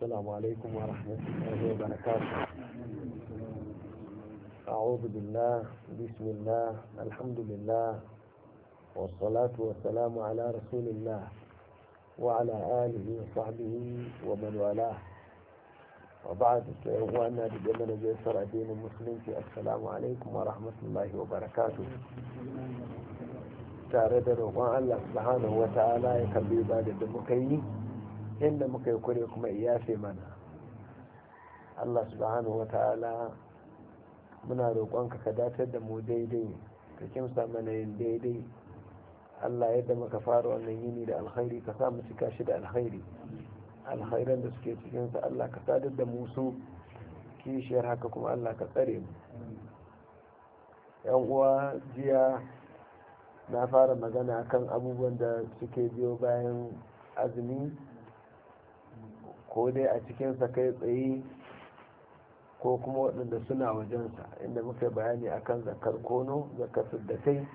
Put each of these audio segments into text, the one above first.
السلام عليكم ورحمة الله وبركاته أعوذ بالله بسم الله الحمد لله والصلاة والسلام على رسول الله وعلى آله وصحبه ومن والاه وبعد إخواننا بجمل جسر الدين المسلم في السلام عليكم ورحمة الله وبركاته tare da roƙon Allah subhanahu wa ta'ala ya kalli ba da muka yi inda muka yi kure kuma iyafe mana Allah subhanahu wa ta'ala muna roƙonka ka datar da mu daidai ka kimsa mana yin daidai Allah yadda muka fara wannan yini da alkhairi ka sa mu cika shi da alkhairi alkhairan da suke cikinsa Allah ka sadar da mu su kishiyar haka kuma Allah ka tsare mu yan uwa jiya na fara magana kan abubuwan da suke biyo bayan azumi ko dai a cikinsa kai tsaye ko kuma waɗanda suna wajensa inda muka bayani akan zakar kono zakar da kai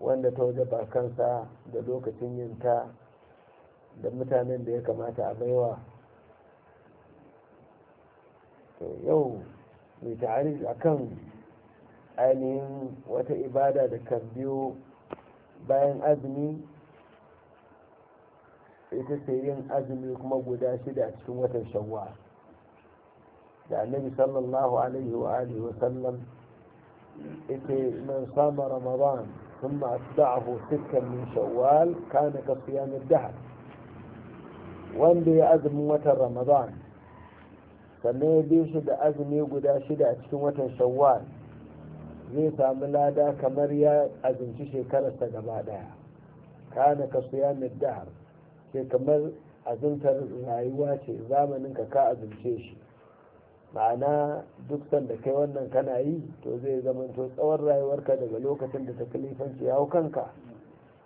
wanda ta waje ba kansa da lokacin yinta da mutanen da ya kamata a baiwa yau mai a akan ainihin wata ibada da kan biyo bayan azumi ita ce yin azumi kuma guda shida a cikin watan shawwal da annabi sallallahu alaihi wa alihi wa sallam ita man sama ramadan ثم أتبعه ستا من شوال كان كصيام الدهر wanda ya azumi watan ramadan sannan ya bi shi da azumi guda shida a cikin watan shawwal zai samu lada kamar ya azumci shekararsa gaba daya kana ka suya dahar sai kamar azuntar rayuwa ce zamanin ka ka azunce shi ma'ana duk sanda kai wannan kana yi to zai zama to tsawon rayuwarka daga lokacin da ta kalifanci ya hau kanka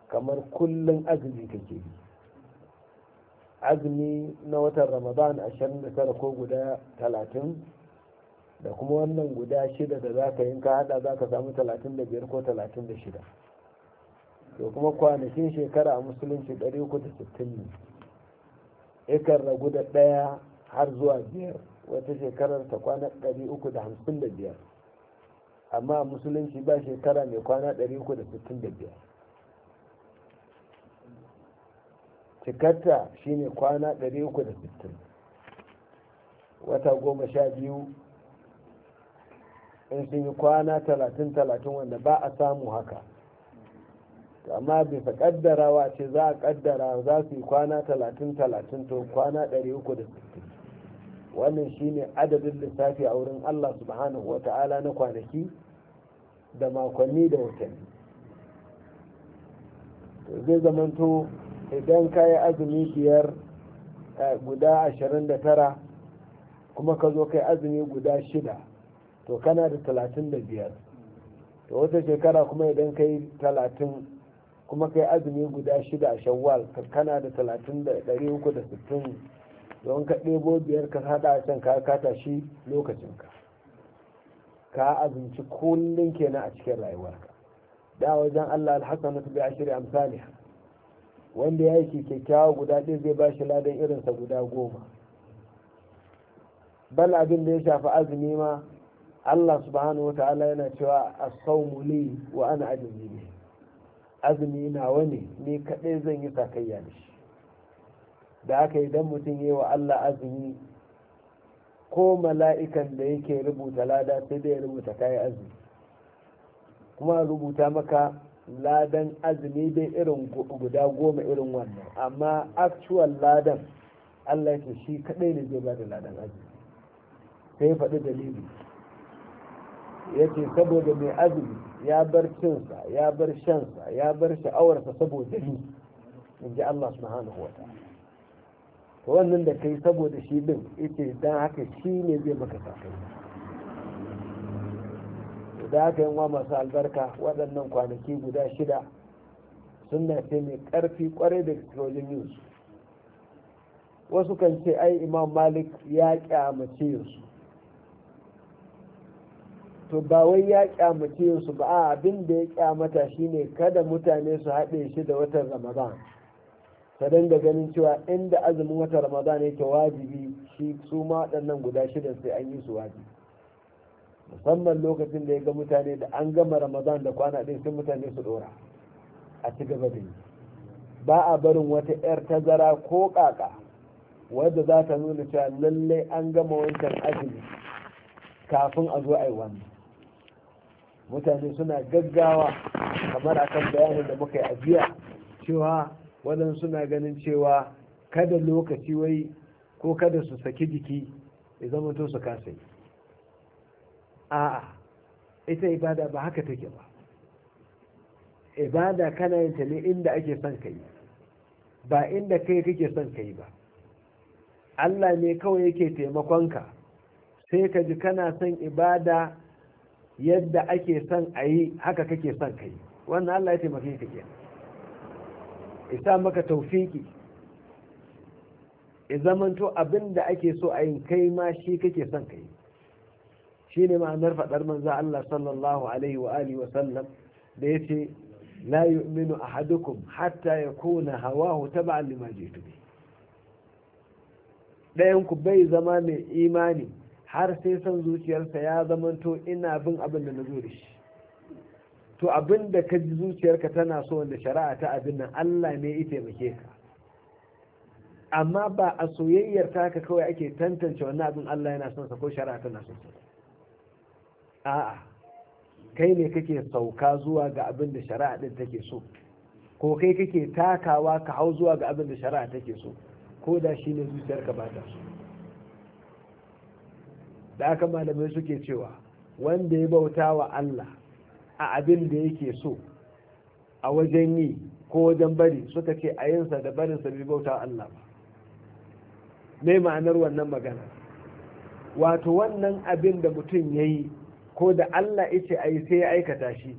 kamar kullum azumi kake yi azumi na watan ramadan tara ko guda talatin da kuma wannan guda shida da za ka yi ka hada za ka samu biyar ko talatin da shida. to kuma kwanakin shekara a musulunci 360 ne ikan ragu da ɗaya har zuwa biyar wata shekarar ta kwana 355 amma a musulunci ba shekara mai kwana 365 cikarta ne kwana 360 wata goma sha biyu in sun yi kwana talatin talatin wanda ba a samu haka to amma bisa kaddarawa ce za a kaddara za su yi kwana talatin talatin to kwana ɗari uku da sittin wannan shine adadin lissafi a wurin allah subhanahu wa ta'ala na kwanaki da makonni da watanni to zai zamanto idan ka yi azumi biyar eh, guda ashirin da tara kuma ka zo kai azumi guda shida to kana da talatin da biyar to wata shekara kuma idan ka yi talatin kuma kai azumi guda shida a shawwal kana da talatin da ɗari uku da sittin don ka ɗebo biyar ka haɗa a can ka kata shi lokacinka ka azumci kullum kenan a cikin rayuwarka da wajen Allah alhassan na bi shirya amsali wanda ya yi kyakkyawa guda ɗaya zai ba shi ladan irinsa guda goma bal abin da ya shafi azumi ma Allah subhanahu wa ta'ala yana cewa a saumuli wa ana ajzi azumi nawa ne ni kaɗai zan yi sakayya da shi da aka idan mutum yi wa Allah azumi ko mala'ikan da yake rubuta lada sai dai rubuta kayi azumi kuma rubuta maka ladan azumi dai irin guda goma irin wannan amma actual ladan Allah yake shi kaɗai ne zai ba da ladan azumi sai faɗi dalili ya ce saboda mai azumi ya bar cinsa ya bar shansa ya bar sha'awarsa saboda ni in ji Allah subhanahu hana wannan da kai saboda shi din ita dan haka shi ne zai maka sakai da haka yin masu albarka waɗannan kwanaki guda shida suna ce mai ƙarfi ƙwarai da wajen yin su wasu kan ce ai imam malik ya kyamace yinsu to ba wai ya kyamace su ba a abin da ya kyamata shine kada mutane su haɗe shi da watan ramadan ta dinga ganin cewa inda azumin watan ramadan yake wajibi shi su ma waɗannan guda shida sai an yi su wajibi musamman lokacin da ya ga mutane da an gama ramadan da kwana ɗaya sai mutane su ɗora a ci gaba da yi ba a barin wata 'yar tazara ko ƙaƙa wadda za ta nuna cewa lallai an gama wancan azumi kafin a zo a yi wannan mutane suna gaggawa kamar akan bayanin da muka yi a jiya cewa wadan suna ganin cewa kada lokaci wai ko kada su saki jiki ya zama to su kasa yi a'a ita ibada ba haka take ba ibada kana yin ta ne inda ake son ka yi ba inda kai kake son ka yi ba Allah ne kawai yake taimakonka sai ka ji kana son ibada yadda ake son a yi haka kake son kai wannan Allah ya taimake ka kenan isa maka taufiki ya zamanto abin da ake so a yin kai ma shi kake son kai shi ne ma'anar faɗar manza Allah sallallahu alaihi wa alihi wa sallam da ya ce la yu'minu ahadukum hatta yakuna hawahu tab'an lima jitu bi dayan ku bai zama mai imani har sai son zuciyarsa ya zamanto ina bin abin da na shi to abin da ka ji zuciyarka tana so wanda shari'a ta abin nan Allah ne ya taimake ka amma ba a soyayyar taka kawai ake tantance wannan abin Allah yana son sa ko shari'a tana son sa a'a kai ne kake sauka zuwa ga abin da shari'a din take so ko kai kake takawa ka hau zuwa ga abin da shari'a take so ko da shi ne zuciyarka ba ta so da aka malamai suke cewa wanda ya bauta wa Allah a abin da yake so a wajen yi ko wajen bari suka ce a yinsa da barinsa bai bauta Allah ba mai ma'anar wannan magana wato wannan abin da mutum ya yi ko da Allah ya ce ai sai ya aikata shi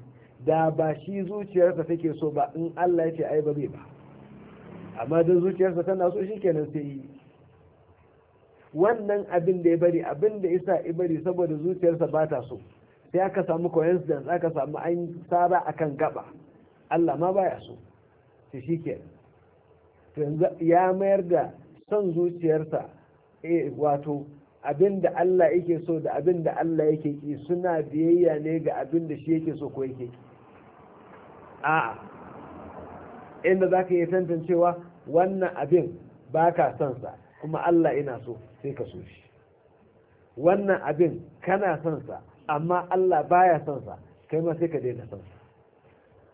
da ba shi zuciyarsa take so ba in Allah ya ce ai ba zai ba amma don zuciyarsa tana so shi kenan sai yi wannan abin da ya bari abin da isa ya bari saboda zuciyarsa ba ta so sai aka samu coincidence aka samu an tsara akan gaba Allah ma baya so shi ke. ya mayar da son zuciyarsa eh, wato abin da Allah yake so da abin da Allah yake ki suna biyayya ne ga abin da shi yake so ko yake a inda za ka iya tantancewa wannan abin ba ka son sa kuma Allah ina so sai ka so shi wannan abin kana son sa amma Allah baya son sa kai ma sai ka daina son sa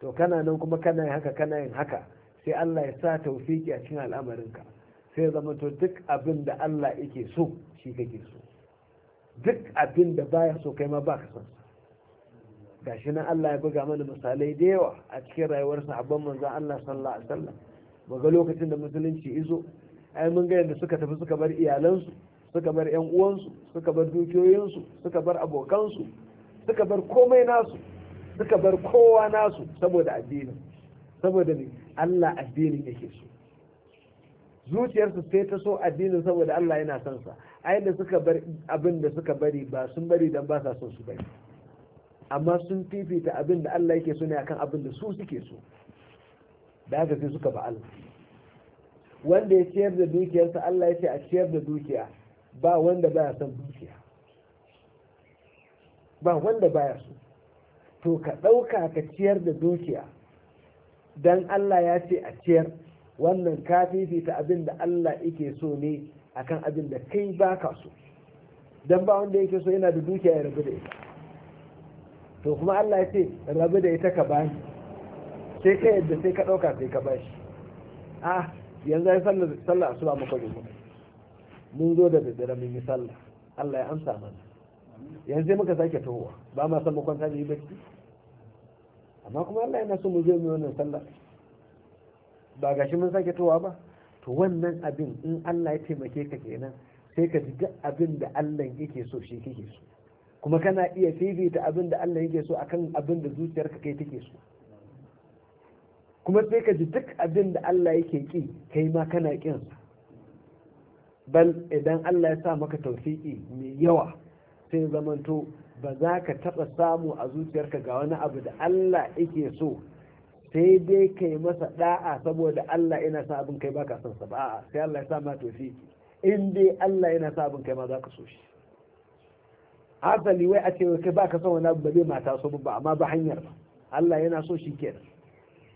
to kana nan kuma kana yin haka kana yin haka sai Allah ya sa taufiki a cikin al'amarinka sai ya zama to duk abin da Allah yake so shi kake so duk abin da baya so kai ma baka son sa. gashi nan Allah ya buga mana misalai da yawa a cikin rayuwar sahabban manzon Allah sallallahu alaihi wasallam ga lokacin da musulunci izo ai mun ga yadda suka tafi suka bar iyalansu suka bar yan uwansu suka bar dukiyoyinsu suka bar abokansu suka bar komai nasu suka bar kowa nasu saboda addinin saboda ne Allah addinin yake so zuciyarsu sai ta so addinin saboda Allah yana son sa ai da suka bar abin da suka bari ba sun bari dan ba sa son su bari amma sun fifita abin da Allah yake so ne akan abin da su suke so da haka sai suka ba Allah wanda ya ciyar da dukiyarsa Allah ya ce a ciyar da dukiya ba wanda baya son dukiya ba wanda baya so to ka ɗauka ka ciyar da dukiya dan Allah ya ce a ciyar wannan ka fifita abin da Allah yake so ne akan abin da kai baka so dan ba wanda yake so yana da dukiya ya rabu da ita to kuma Allah ya ce rabu da ita ka bani sai ka yadda sai ka ɗauka sai ka bashi ah yanzu ai sallar sallar asuba muka zo mun zo da daddare mun yi sallah Allah ya amsa mana yanzu muka sake tohuwa ba ma san mu ta yi bacci amma kuma Allah yana so mu zo mu wannan sallah ba gashi mun sake tohuwa ba to wannan abin in Allah ya taimake ka kenan sai ka ji duk abin da Allah yake so shi kake so kuma kana iya fifita abin da Allah yake so akan abin da zuciyarka kai take so kuma sai ka ji duk abin da Allah yake ki kai ma kana kin bal idan Allah ya sa maka tausiki mai yawa sai zamanto ba za ka taɓa samu a zuciyarka ga wani abu da Allah yake so sai dai kai masa da'a saboda Allah yana sa abin kai baka son sa ba sai Allah ya sa ma tofi in dai Allah yana sa abin kai ma ka so shi asali wai a ce kai baka son wani abu ba zai mata so ba amma ba hanyar ba Allah yana so shi kenan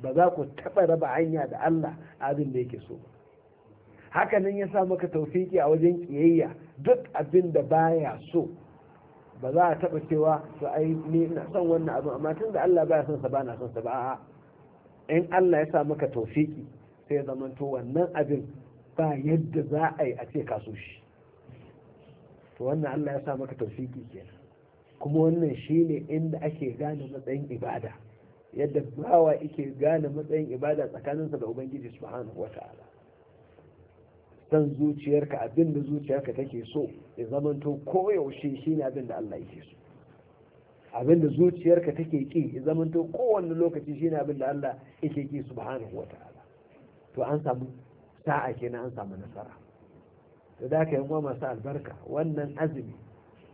ba za ku taɓa raba hanya da Allah abin da yake so haka nan ya sa maka taufiki a wajen kiyayya duk abin da baya so ba za a taɓa cewa su ai ni ina son wannan abin amma tun da Allah baya son sa ba na son sa ba a in Allah ya sa maka taufiki sai ya to wannan abin ba yadda za a yi a ce ka so shi to wannan Allah ya sa maka taufiki kenan kuma wannan shine inda ake gane matsayin ibada yadda bawa yake gane matsayin ibada tsakaninsa da ubangiji subhanahu wata'ala san zuciyarka abin da zuciyarka take so ya zamanto koyaushe shine abin da Allah yake so abin da zuciyarka take ki ya zamanto kowanne lokaci shine abin da Allah yake ki subhanahu wata'ala to an samu sa'a kenan an samu nasara to da ka yi masu albarka wannan azumi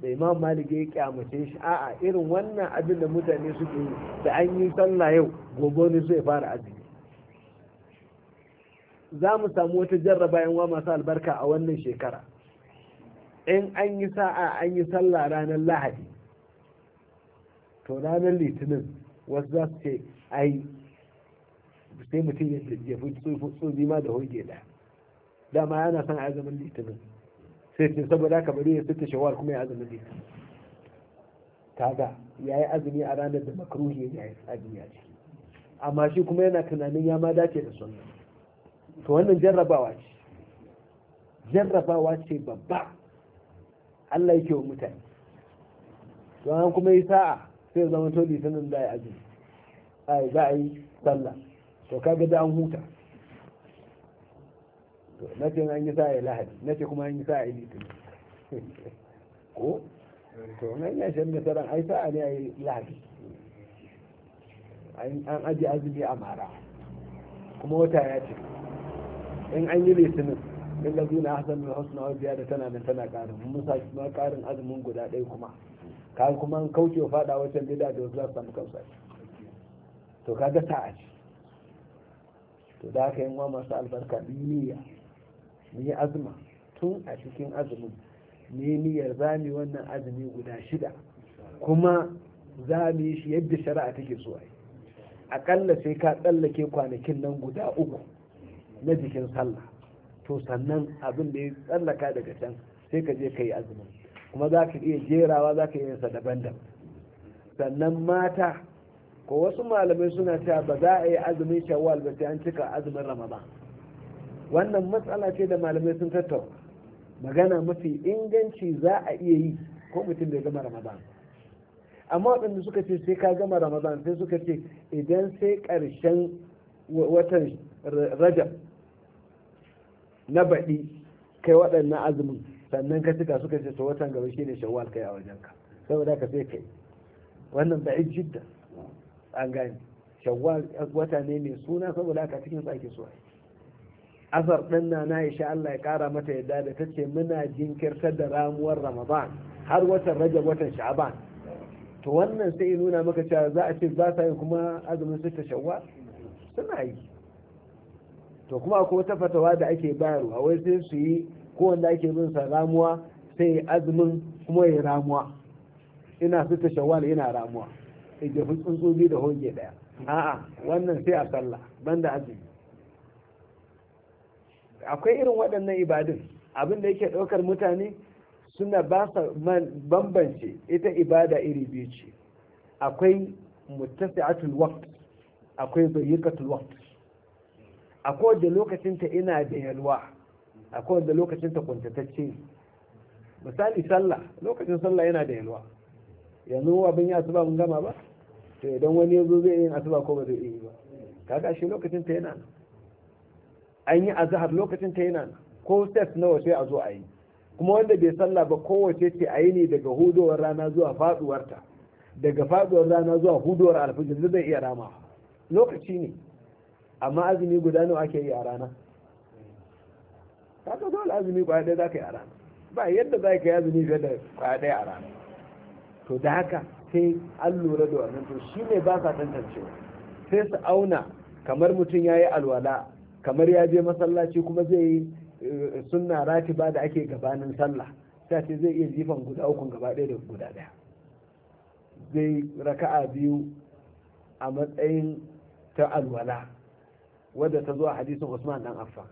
da imam malik ya kyamace shi a'a irin wannan abin da mutane suke yi da an yi sallah yau gobe ne zai fara azumi za mu samu wata jarraba yan masu albarka a wannan shekara in an yi sa'a an yi sallah ranar lahadi to ranar litinin wasu za su ce ai sai mutum ya fi tsofi ma da hoge da dama yana son a zaman litinin sai saboda ka bari ya sita shawar kuma ya azumi zai kaga ya yi azumi a ranar da makaruhi ya yi azumi a ciki amma shi kuma yana tunanin ya ma dace da sunna to wannan jarrabawa ce jarrabawa ce babba Allah yake wa mutane to an kuma yi sa'a sai ya zama to litinin da ya azumi ai za a yi sallah to kaga da an huta na ce an yi sa ya lahadi na ce kuma an yi sa ya litinin ko to nan ya shan da saran ai sa'a ne a yi lahadi an aji azumi a mara kuma wata ya ce in an yi litinin min lazina hasan min husna wa ziyada tana nan tana karin musa, kuma karin azumin guda ɗaya kuma ka kuma an kauce fada wacan bid'a da wasu za su samu kansa to kaga sa'a ce to da haka yi wa masu albarka duniya mu yi azuma tun a cikin azumin ne niyyar za mu wannan azumi guda shida kuma za mu shi yadda shari'a take so a yi aƙalla sai ka tsallake kwanakin nan guda uku na jikin sallah to sannan abin da ya tsallaka daga can sai ka je ka yi azumin kuma za ka iya jerawa za ka yi sa daban-daban sannan mata ko wasu malamai suna cewa ba za a yi azumin shawwal ba sai an cika azumin ramadan wannan matsala ce da malamai sun tattauna magana mafi inganci za a iya yi ko mutum da gama ramadan amma waɗanda suka ce sai ka gama ramadan sai suka ce idan sai ƙarshen watan rajab na baɗi kai waɗannan azumin sannan ka cika suka ce watan gaba shine shawwal kai a wajenka saboda ka sai kai wannan ba jidda an gane shawwal wata ne mai suna saboda ka cikin tsaki ake asar ɗin na na isha Allah ya ƙara mata yadda da ta ce muna jinkirtar da ramuwar ramadan har watan rajab watan Shaban to wannan sai nuna maka cewa za a ce za ta yi kuma azumin sita shawwa suna yi to kuma akwai wata fatawa da ake bayarwa wai sai su yi ko wanda ake bin sa ramuwa sai azumin kuma ya ramuwa ina sita ta shawwal ina ramuwa idan tsuntsu bi da hoge daya a'a wannan sai a sallah banda azumi akwai irin waɗannan ibadun abin da yake ɗaukar mutane suna ba sa bambance ita ibada iri biyu ce akwai a waqt akwai dayyikatul waqt akwai da lokacin ta ina da yalwa akwai da lokacin ta kuntatacce misali sallah lokacin sallah yana da yalwa yanzu abin ya asuba mun gama ba to idan wani yazo zai yin asuba ko ba zai yi ba kaga shi lokacin ta yana nan an yi azahar lokacin ta yana ko set nawa sai a zo a yi kuma wanda bai sallah ba kowace ce a yi ne daga hudowar rana zuwa faduwarta daga faduwar rana zuwa hudowar alfajir zai iya rama lokaci ne amma azumi guda nawa ake yi a rana kaga dole azumi kwaya ɗaya za ka yi a rana ba yadda za ka yi azumi fiye da kwaya ɗaya a rana to da haka sai an lura da wannan to shi ne ba sa tantancewa sai su auna kamar mutum ya yi alwala kamar ya je masallaci kuma zai yi eh, sunna ba da ake gabanin sallah ta ce zai iya jifan guda uku gaba ɗaya da guda ɗaya zai raka'a biyu a matsayin ta alwala wadda ta zo a hadisin usman dan affa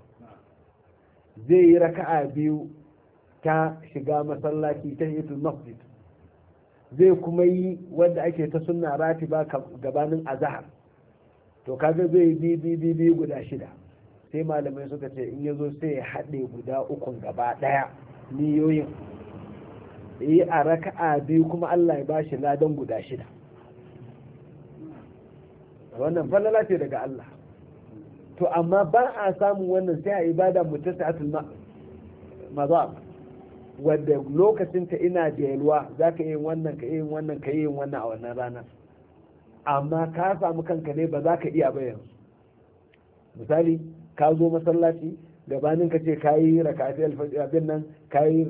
zai yi raka'a biyu ta shiga masallaci ta hitul masjid zai kuma yi wadda ake ta sunna ba gabanin azahar to kaga zai yi bi bi guda shida sai malamai suka ce in ya zo sai ya haɗe guda ukun gaba ɗaya niyoyin yi a raka'a biyu kuma Allah ya bashi ladan guda shida wannan falala ce daga Allah to amma ba a samun wannan sai a ibada mutasi'atul mazab wadda lokacinta ina da yalwa za ka yi wannan ka yi wannan ka yi wannan a wannan ranar amma ka samu kanka ne ba za ka iya ba yanzu misali ka zo masallaci gabanin ka ce ka yi raka'ati abin nan ka yi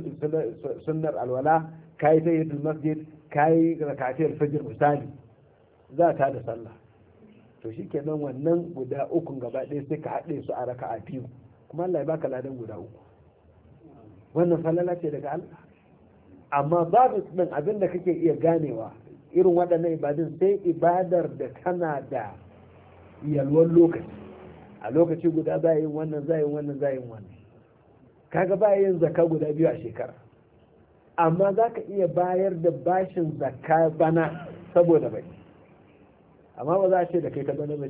sunnar alwala ka yi sayyidatul masjid ka yi raka'ati alfajir misali za ta da sallah to shikenan wannan guda ukun gaba ɗaya sai ka haɗe su a raka'a biyu kuma Allah ya baka ladan guda uku wannan falala ce daga Allah amma babu din abin da kake iya ganewa irin waɗannan ibadun sai ibadar da kana da yalwar lokaci a lokaci guda za yin wannan za yin wannan za yin wannan kaga ba yin zakka guda biyu a shekara amma za ka iya bayar da bashin zaka bana saboda bai amma ba za a ce da kai ta bana ba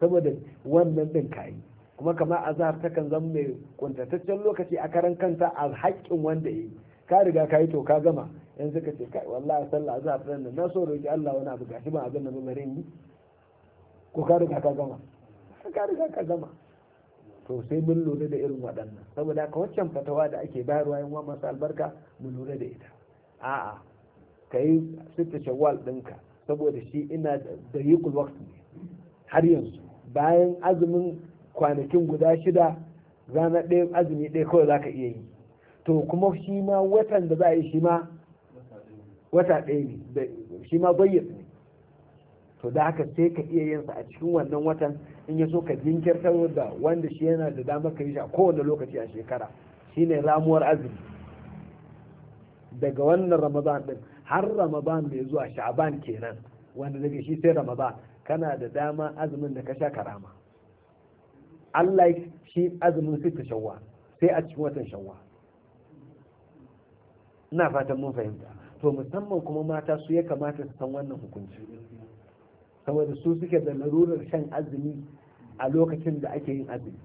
saboda wannan din ka yi kuma kama azhar kan zama mai kuntataccen lokaci a karan kanta a haƙƙin wanda yi ka riga ka yi to ka gama yanzu suka ce kai wallahi sallah azhar ɗin na so roki Allah wani abu gashi ba abin da mai yi ko ka riga ka gama ka riga ka zama to sai mun lura da irin waɗannan saboda ka waccan fatawa da ake bayarwa yan wa masu albarka mun lura da ita a'a ka yi sita shawwal ɗinka saboda shi ina da yi waqti har yanzu bayan azumin kwanakin guda shida rana ɗaya azumi ɗaya kawai za ka iya yi to kuma shi ma watan da za a yi shi ma wata ɗaya ne shi ma bayyana to da haka sai ka iya yin sa a cikin wannan watan in ya so ka jinkirtar da wanda shi yana da damar ka yi shi a kowane lokaci a shekara shine ramuwar azumi daga wannan ramadan din har ramadan mai zuwa sha'aban kenan wanda daga shi sai ramadan kana da dama azumin da ka sha karama Allah shi azumin ta shawwa sai a cikin watan shawwa ina fatan mun fahimta to musamman kuma mata su ya kamata su san wannan hukunci saboda su suke da larurar shan azumi a lokacin da ake yin azumi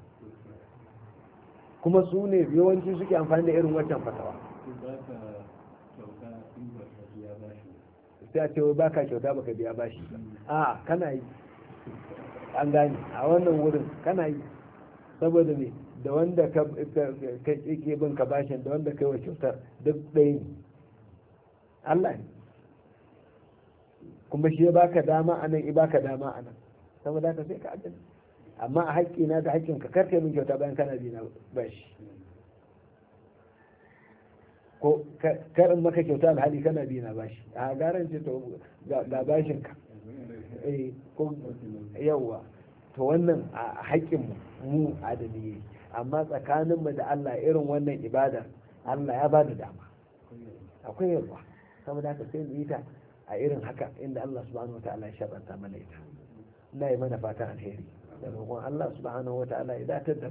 kuma su ne yawanci suke amfani da irin wancan fatawa sai a ce wai baka kyauta baka biya bashi a kana yi an gane a wannan wurin kana yi saboda ne da wanda ka ke bin ka bashin da wanda kai wa kyautar duk ɗaya ne Allah ne kuma shi ya baka dama a nan i baka dama a nan saboda haka sai ka adana amma a haƙƙi na ta haƙƙin ka karka min kyauta bayan kana bi na bashi ko karin maka kyauta alhali kana bi na bashi a garan ce to ga bashin ka eh ko yawa to wannan a haƙƙin mu adami yake amma tsakanin mu da Allah irin wannan ibadar Allah ya bada dama akwai yawa saboda haka sai mu yi ta a irin haka inda Allah subhanahu wataala ya shaɓanta mana ita na yi mana fata alheri da roƙon Allah subhanahu wataala ya datar da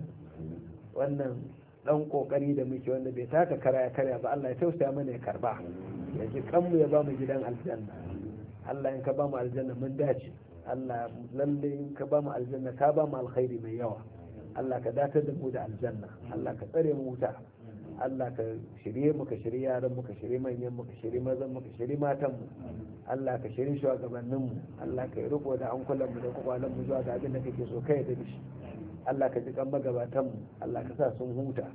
wannan dan kokari da muke wanda bai taka kara ya karya ba Allah ya tausaya mana ya karba ya ji kanmu ya ba mu gidan aljanna Allah in ka ba mu aljanna mun dace Allah lalle in ka ba mu aljanna ka ba mu alkhairi mai yawa Allah ka datar da mu da aljanna Allah ka tsare mu wuta Allah ka shirye mu ka shirye yaran mu ka shirye manyan mu ka shirye mazan mu ka shirye matan mu Allah ka shirye shugabannin mu Allah ka yi riko da kula mu da kwalan mu zuwa ga abin da kake so kai da shi Allah ka ji kan magabatan mu Allah ka sa sun huta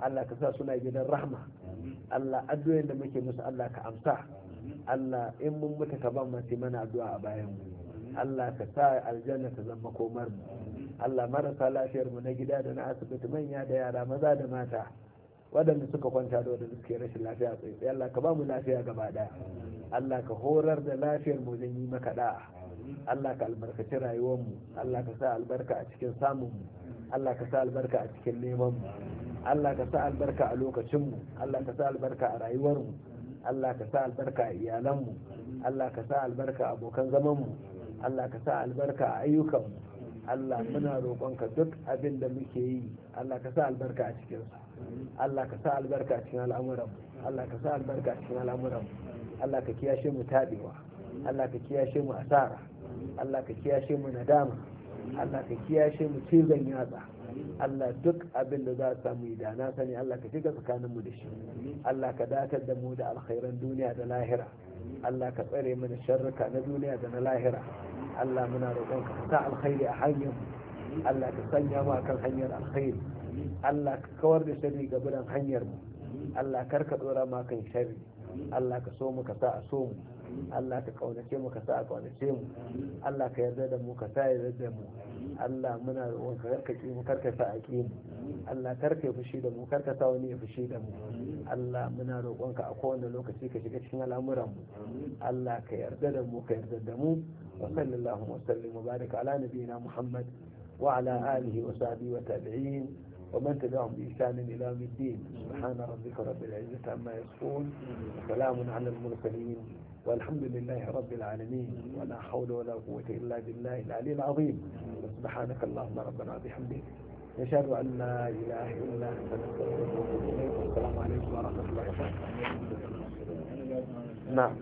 Allah ka sa suna gidan rahma Allah addu'ar da muke musu Allah ka amsa Allah in mun mutu ka ban mace mana addu'a a bayan mu Allah ka sa aljanna ta zama komar mu Allah marasa lafiyar mu na gida da na asibiti manya da yara maza da mata waɗanda suka kwanta da waɗanda suke rashin lafiya tsaye Allah ka ba mu lafiya gaba ɗaya Allah ka horar da lafiyar mu zan yi maka da'a Allah ka albarkaci rayuwar mu Allah ka sa albarka a cikin samun mu Allah ka sa albarka a cikin neman mu Allah ka sa albarka a lokacin mu Allah ka sa albarka a rayuwar mu Allah ka sa albarka a iyalan mu Allah ka sa albarka a abokan zaman mu Allah ka sa albarka a ayyukan mu Allah muna roƙonka duk abin da muke yi Allah ka sa albarka a cikin Allah ka sa albarka a cikin al'amuran Allah ka sa albarka a cikin al'amuran Allah ka kiyashe mu tabewa Allah ka kiyashe mu asara Allah ka kiyashe mu nadama Allah ka kiyashe mu cizon yatsa Allah duk abin da za a samu idana sani Allah ka shiga tsakaninmu da shi Allah ka datar da mu da alkhairan duniya da lahira Allah ka tsare mana sharruka na duniya da na lahira Allah muna roƙon ka sa alkhairi a hanyar Allah ka sanya mu kan hanyar alkhairi Allah ka kawar da shari ga bidan hanyar mu Allah kar ka dora mu kan sharri Allah ka so mu ka sa a so mu Allah ka kaunace mu ka sa a kaunace mu Allah ka yarda da mu ka sa yarda da mu Allah muna roƙon ka karka ki mu kar ka sa a ki mu Allah karka ya fushi da mu kar ka sa wani ya fushi da mu Allah muna roƙon ka a kowane lokaci ka shiga cikin al'amuran mu Allah ka yarda da mu ka yarda da mu وصل اللهم وسلم وبارك على نبينا محمد وعلى آله وصحبه وتابعين ومن تبعهم بإحسان إلى يوم الدين سبحان ربك رب العزة عما يصفون وسلام على المرسلين والحمد لله رب العالمين ولا حول ولا قوة إلا بالله العلي العظيم سبحانك اللهم ربنا وبحمدك نشهد أن لا إله إلا أنت نستغفرك ونتوب إليك والسلام عليكم ورحمة الله وبركاته نعم